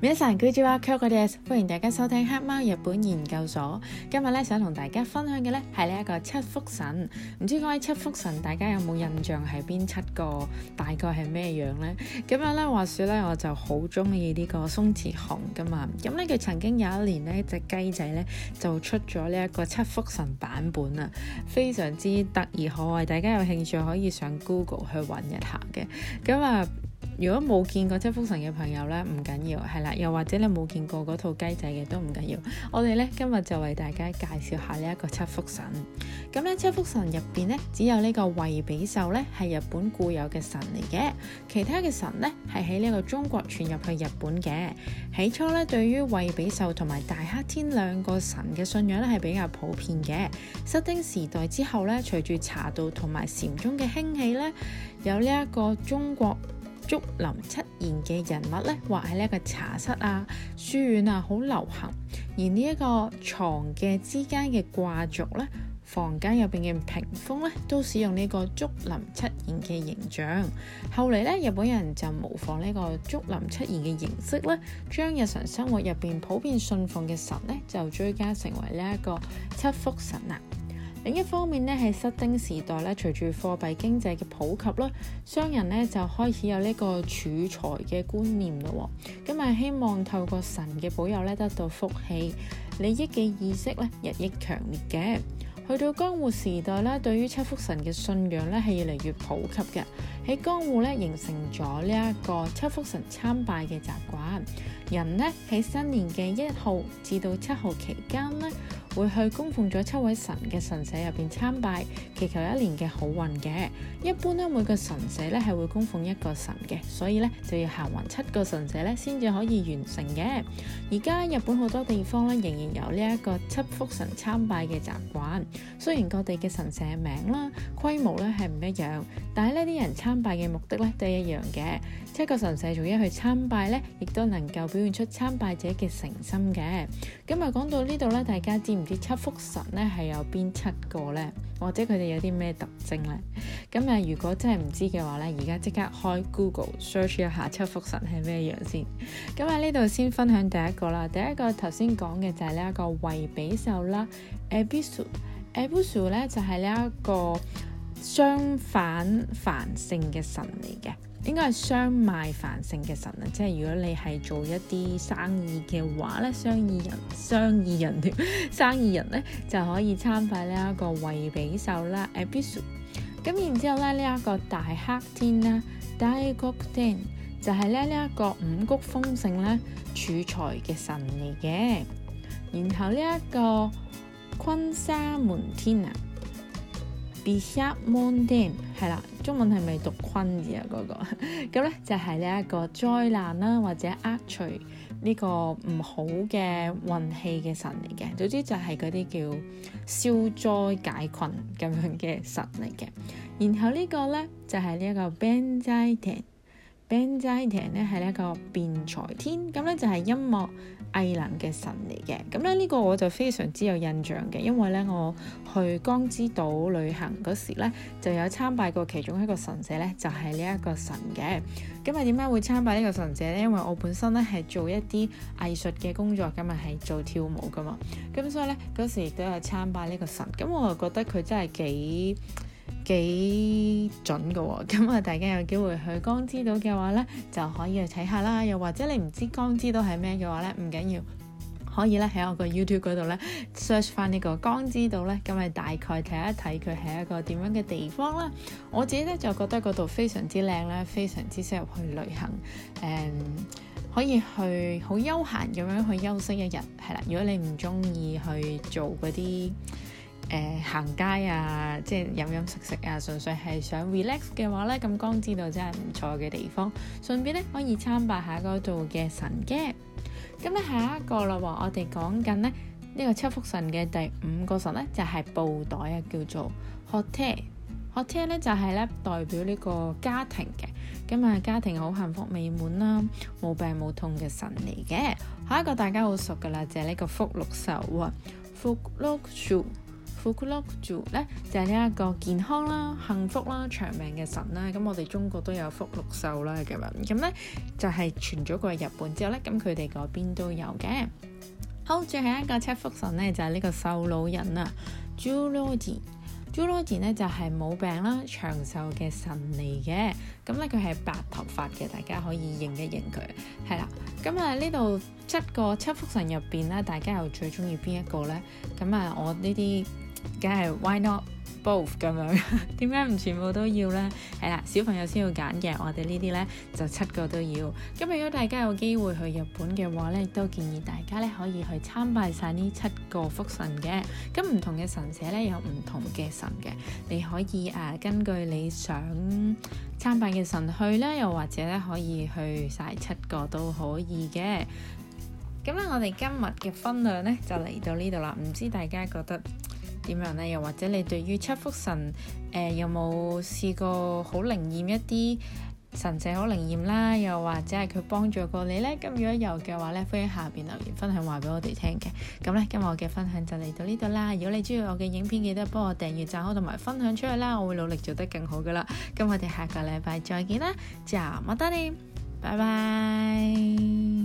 每一聲 Good Afternoon，歡迎大家收聽黑貓日本研究所。今日咧想同大家分享嘅咧係呢一個七福神。唔知各位七福神大家有冇印象係邊七個，大概係咩樣咧？咁樣咧話說咧我就好中意呢個鬆弛熊噶嘛。咁咧佢曾經有一年咧隻雞仔咧就出咗呢一個七福神版本啊，非常之得意可愛。大家有興趣可以上 Google 去揾一下嘅。咁、嗯、啊。嗯如果冇見過七福神嘅朋友呢，唔緊要，係啦。又或者你冇見過嗰套雞仔嘅都唔緊要。我哋呢，今日就為大家介紹下呢一個七福神。咁、嗯、呢，七福神入邊呢，只有個呢個惠比壽呢係日本固有嘅神嚟嘅，其他嘅神呢，係喺呢個中國傳入去日本嘅。起初呢，對於惠比壽同埋大黑天兩個神嘅信仰呢，係比較普遍嘅。室町時代之後呢，隨住茶道同埋禪宗嘅興起呢，有呢一個中國。竹林七賢嘅人物咧，畫喺呢一個茶室啊、書院啊，好流行。而呢一個床嘅之間嘅掛軸咧，房間入邊嘅屏風咧，都使用呢個竹林七賢嘅形象。後嚟咧，日本人就模仿呢個竹林七賢嘅形式咧，將日常生活入邊普遍信奉嘅神咧，就追加成為呢一個七福神啦。另一方面咧，喺室町時代咧，隨住貨幣經濟嘅普及咧，商人咧就開始有呢個儲財嘅觀念咯，咁咪希望透過神嘅保佑咧得到福氣，利益嘅意識咧日益強烈嘅。去到江戶時代啦，對於七福神嘅信仰咧係越嚟越普及嘅，喺江戶咧形成咗呢一個七福神參拜嘅習慣。人呢喺新年嘅一號至到七號期間呢。會去供奉咗七位神嘅神社入面參拜，祈求一年嘅好運嘅。一般咧，每個神社咧係會供奉一個神嘅，所以呢就要行運七個神社咧先至可以完成嘅。而家日本好多地方咧仍然有呢一個七福神參拜嘅習慣。雖然各地嘅神社名啦、規模咧係唔一樣，但係呢啲人參拜嘅目的咧都係一樣嘅。七個神社逐一去參拜呢亦都能夠表現出參拜者嘅誠心嘅。今日講到呢度呢，大家知唔？啲七福神咧係有邊七個呢？或者佢哋有啲咩特徵呢？咁啊，如果真係唔知嘅話呢，而家即刻開 Google search 一下七福神係咩樣先。咁啊，呢度先分享第一個啦。第一個頭先講嘅就係呢一個惠比壽啦。Ebisu，Ebisu 咧就係呢一個。商販繁盛嘅神嚟嘅，應該係商賣繁盛嘅神啊！即係如果你係做一啲生意嘅話咧，生意人、商意人、商意人、生意人咧就可以參拜呢一個維比手啦，Ebisu。咁然之後咧，呢一個大黑天啦，Daikokuten，就係咧呢一個五穀豐盛咧儲財嘅神嚟嘅。然後呢一個昆沙門天啊。Bishamonten，係啦，中文係咪讀坤字啊？嗰、那個咁咧 就係呢一個災難啦，或者厄除呢個唔好嘅運氣嘅神嚟嘅。總之就係嗰啲叫消災解困咁樣嘅神嚟嘅。然後個呢、就是、個咧就係呢一個 Benzaiten。Benzaiten 咧係呢一個弁財天，咁咧就係音樂藝能嘅神嚟嘅，咁咧呢個我就非常之有印象嘅，因為咧我去江之島旅行嗰時咧就有參拜過其中一個神社咧，就係呢一個神嘅。咁啊點解會參拜呢個神社咧？因為我本身咧係做一啲藝術嘅工作，咁咪係做跳舞噶嘛，咁所以咧嗰時亦都有參拜呢個神，咁我就覺得佢真係幾。幾準嘅喎，哦，咁、嗯、啊大家有機會去江之島嘅話呢，就可以去睇下啦。又或者你唔知江之島係咩嘅話呢，唔緊要，可以咧喺我 you 個 YouTube 嗰度呢 search 翻呢個江之島呢。咁、嗯、咪大概睇一睇佢係一個點樣嘅地方啦。我自己呢，就覺得嗰度非常之靚啦，非常之適合去旅行。誒、嗯，可以去好悠閒咁樣去休息一日，係啦。如果你唔中意去做嗰啲，誒行、呃、街啊，即係飲飲食食啊，純粹係想 relax 嘅話呢。咁江之島真係唔錯嘅地方。順便呢可以參拜下嗰度嘅神嘅。咁、嗯、咧下一個啦，我哋講緊呢，呢、這個七福神嘅第五個神呢，就係、是、布袋啊，叫做 hotte hotte 呢就係、是、呢代表呢個家庭嘅咁啊，家庭好幸福美滿啦，冇病冇痛嘅神嚟嘅。下一個大家好熟噶啦，就係、是、呢個福祿壽啊，福祿壽。福祿壽咧就係呢一個健康啦、幸福啦、長命嘅神啦。咁我哋中國都有福祿壽啦，咁樣咁咧就係傳咗過去日本之後咧，咁佢哋嗰邊都有嘅。好，最後一個七福神咧，就係呢個壽老人啦，Jullody Jullody 咧就係冇病啦、長壽嘅神嚟嘅。咁咧佢係白頭髮嘅，大家可以認一認佢係啦。咁啊呢度七個七福神入邊咧，大家又最中意邊一個咧？咁啊，我呢啲。梗係 why not both 咁樣？點解唔全部都要呢？係啦，小朋友先要揀嘅，我哋呢啲呢，就七個都要。咁如果大家有機會去日本嘅話呢，都建議大家咧可以去參拜晒呢七個福神嘅。咁唔同嘅神社呢，有唔同嘅神嘅，你可以誒、啊、根據你想參拜嘅神去咧，又或者咧可以去晒七個都可以嘅。咁咧，我哋今日嘅分量呢，就嚟到呢度啦。唔知大家覺得點樣咧？又或者你對於七福神誒、呃、有冇試過好靈驗，一啲神社好靈驗啦？又或者係佢幫助過你呢？咁如果有嘅話呢，歡迎下邊留言分享，話俾我哋聽嘅。咁呢，今日我嘅分享就嚟到呢度啦。如果你中意我嘅影片，記得幫我訂閱、讚好同埋分享出去啦。我會努力做得更好噶啦。咁我哋下個禮拜再見啦。就冇得你？拜拜。